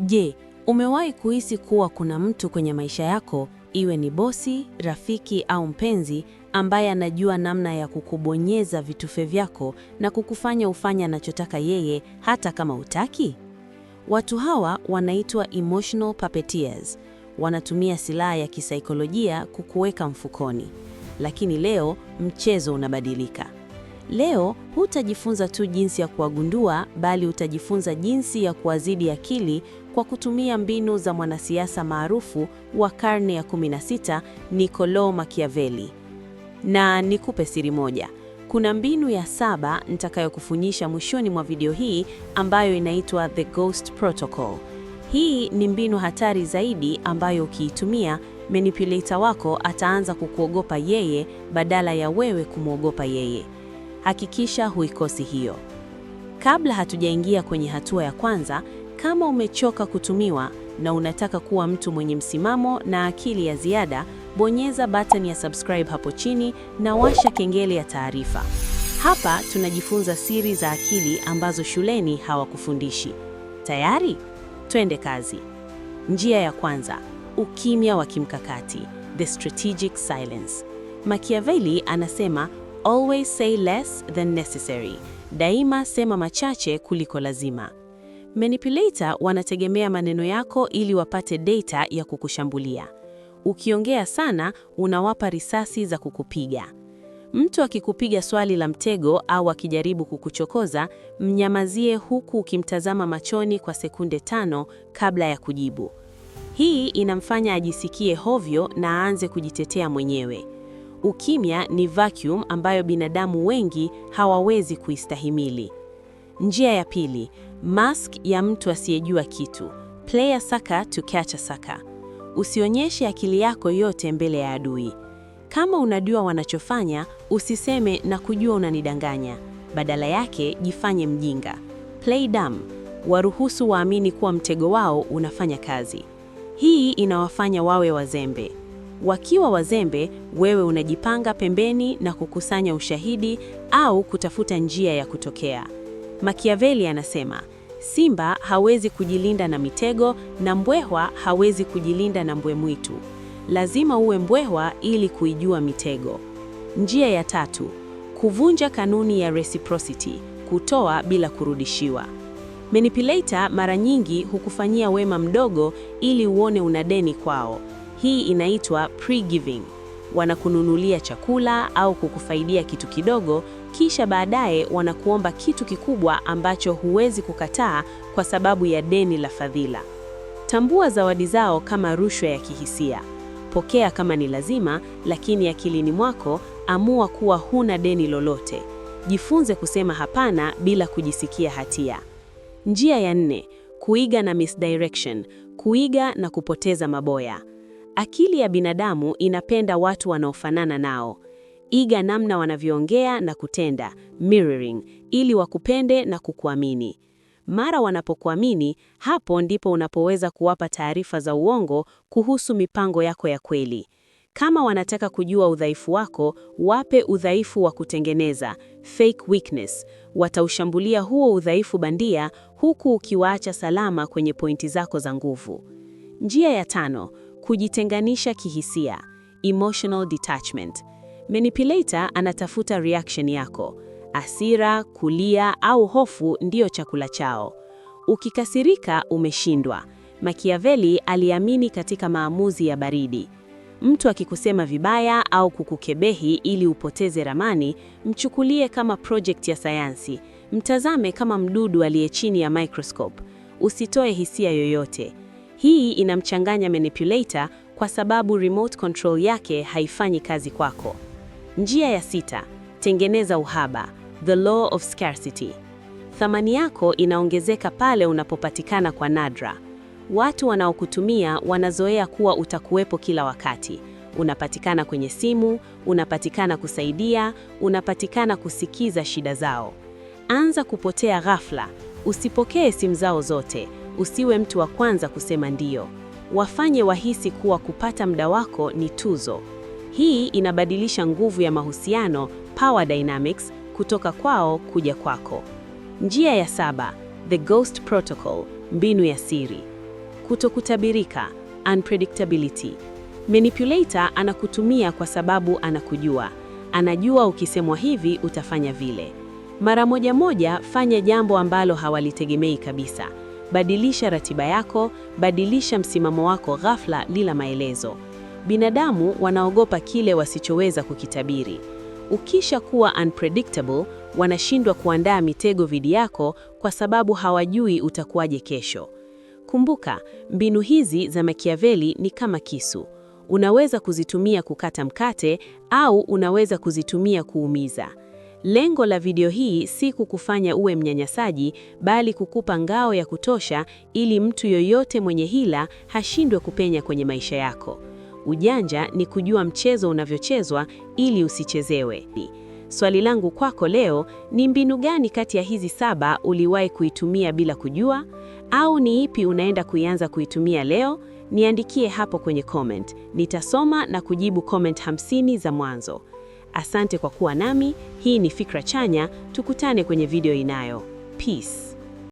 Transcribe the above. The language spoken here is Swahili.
Je, umewahi kuhisi kuwa kuna mtu kwenye maisha yako, iwe ni bosi, rafiki au mpenzi, ambaye anajua namna ya kukubonyeza vitufe vyako na kukufanya ufanye anachotaka yeye, hata kama hutaki? Watu hawa wanaitwa emotional puppeteers. Wanatumia silaha ya kisaikolojia kukuweka mfukoni. Lakini leo mchezo unabadilika. Leo hutajifunza tu jinsi ya kuwagundua, bali utajifunza jinsi ya kuwazidi akili kwa kutumia mbinu za mwanasiasa maarufu wa karne ya 16 Niccolo Machiavelli. Na nikupe siri moja, kuna mbinu ya saba nitakayokufunyisha mwishoni mwa video hii ambayo inaitwa The Ghost Protocol. Hii ni mbinu hatari zaidi ambayo ukiitumia manipulator wako ataanza kukuogopa yeye badala ya wewe kumwogopa yeye. Hakikisha huikosi hiyo. Kabla hatujaingia kwenye hatua ya kwanza, kama umechoka kutumiwa na unataka kuwa mtu mwenye msimamo na akili ya ziada, bonyeza button ya subscribe hapo chini na washa kengele ya taarifa. Hapa tunajifunza siri za akili ambazo shuleni hawakufundishi. Tayari? Twende kazi. Njia ya kwanza, ukimya wa kimkakati, the strategic silence. Machiavelli anasema always say less than necessary, daima sema machache kuliko lazima. Manipulator wanategemea maneno yako ili wapate data ya kukushambulia. Ukiongea sana, unawapa risasi za kukupiga. Mtu akikupiga swali la mtego au akijaribu kukuchokoza, mnyamazie huku ukimtazama machoni kwa sekunde tano kabla ya kujibu. Hii inamfanya ajisikie hovyo na aanze kujitetea mwenyewe. Ukimya ni vacuum ambayo binadamu wengi hawawezi kuistahimili. Njia ya pili, mask ya mtu asiyejua kitu, play a sucker to catch a sucker. Usionyeshe akili yako yote mbele ya adui. Kama unajua wanachofanya, usiseme na kujua unanidanganya. Badala yake jifanye mjinga, play dumb. Waruhusu waamini kuwa mtego wao unafanya kazi. Hii inawafanya wawe wazembe. Wakiwa wazembe, wewe unajipanga pembeni na kukusanya ushahidi au kutafuta njia ya kutokea. Machiavelli anasema simba hawezi kujilinda na mitego na mbwehwa hawezi kujilinda na mbwe mwitu. Lazima uwe mbwehwa ili kuijua mitego. Njia ya tatu, kuvunja kanuni ya reciprocity, kutoa bila kurudishiwa. Manipulator mara nyingi hukufanyia wema mdogo ili uone una deni kwao. Hii inaitwa pre-giving wanakununulia chakula au kukufaidia kitu kidogo, kisha baadaye wanakuomba kitu kikubwa ambacho huwezi kukataa kwa sababu ya deni la fadhila. Tambua zawadi zao kama rushwa ya kihisia. Pokea kama ni lazima, lakini akilini mwako amua kuwa huna deni lolote. Jifunze kusema hapana bila kujisikia hatia. Njia ya nne: kuiga na misdirection, kuiga na kupoteza maboya. Akili ya binadamu inapenda watu wanaofanana nao. Iga namna wanavyoongea na kutenda, mirroring, ili wakupende na kukuamini. Mara wanapokuamini, hapo ndipo unapoweza kuwapa taarifa za uongo kuhusu mipango yako ya kweli. Kama wanataka kujua udhaifu wako, wape udhaifu wa kutengeneza, fake weakness. Wataushambulia huo udhaifu bandia huku ukiwaacha salama kwenye pointi zako za nguvu. Njia ya tano, kujitenganisha kihisia, emotional detachment. Manipulator anatafuta reaction yako. Hasira, kulia au hofu ndiyo chakula chao. Ukikasirika, umeshindwa. Machiavelli aliamini katika maamuzi ya baridi. Mtu akikusema vibaya au kukukebehi ili upoteze ramani, mchukulie kama project ya sayansi. Mtazame kama mdudu aliye chini ya microscope. Usitoe hisia yoyote. Hii inamchanganya manipulator kwa sababu remote control yake haifanyi kazi kwako. Njia ya sita, tengeneza uhaba, the law of scarcity. Thamani yako inaongezeka pale unapopatikana kwa nadra. Watu wanaokutumia wanazoea kuwa utakuwepo kila wakati. Unapatikana kwenye simu, unapatikana kusaidia, unapatikana kusikiza shida zao. Anza kupotea ghafla, usipokee simu zao zote. Usiwe mtu wa kwanza kusema ndio Wafanye wahisi kuwa kupata muda wako ni tuzo. Hii inabadilisha nguvu ya mahusiano, power dynamics, kutoka kwao kuja kwako. Njia ya saba, the ghost protocol, mbinu ya siri. Kutokutabirika, unpredictability. Manipulator anakutumia kwa sababu anakujua, anajua ukisemwa hivi utafanya vile. Mara moja moja, fanya jambo ambalo hawalitegemei kabisa. Badilisha ratiba yako, badilisha msimamo wako ghafla bila maelezo. Binadamu wanaogopa kile wasichoweza kukitabiri. Ukisha kuwa unpredictable, wanashindwa kuandaa mitego dhidi yako kwa sababu hawajui utakuwaje kesho. Kumbuka, mbinu hizi za Machiavelli ni kama kisu. Unaweza kuzitumia kukata mkate au unaweza kuzitumia kuumiza. Lengo la video hii si kukufanya uwe mnyanyasaji, bali kukupa ngao ya kutosha ili mtu yoyote mwenye hila hashindwe kupenya kwenye maisha yako. Ujanja ni kujua mchezo unavyochezwa ili usichezewe. Swali langu kwako leo ni mbinu gani kati ya hizi saba uliwahi kuitumia bila kujua, au ni ipi unaenda kuianza kuitumia leo? Niandikie hapo kwenye comment. Nitasoma na kujibu comment hamsini za mwanzo. Asante kwa kuwa nami. Hii ni Fikra Chanya, tukutane kwenye video inayo. Peace.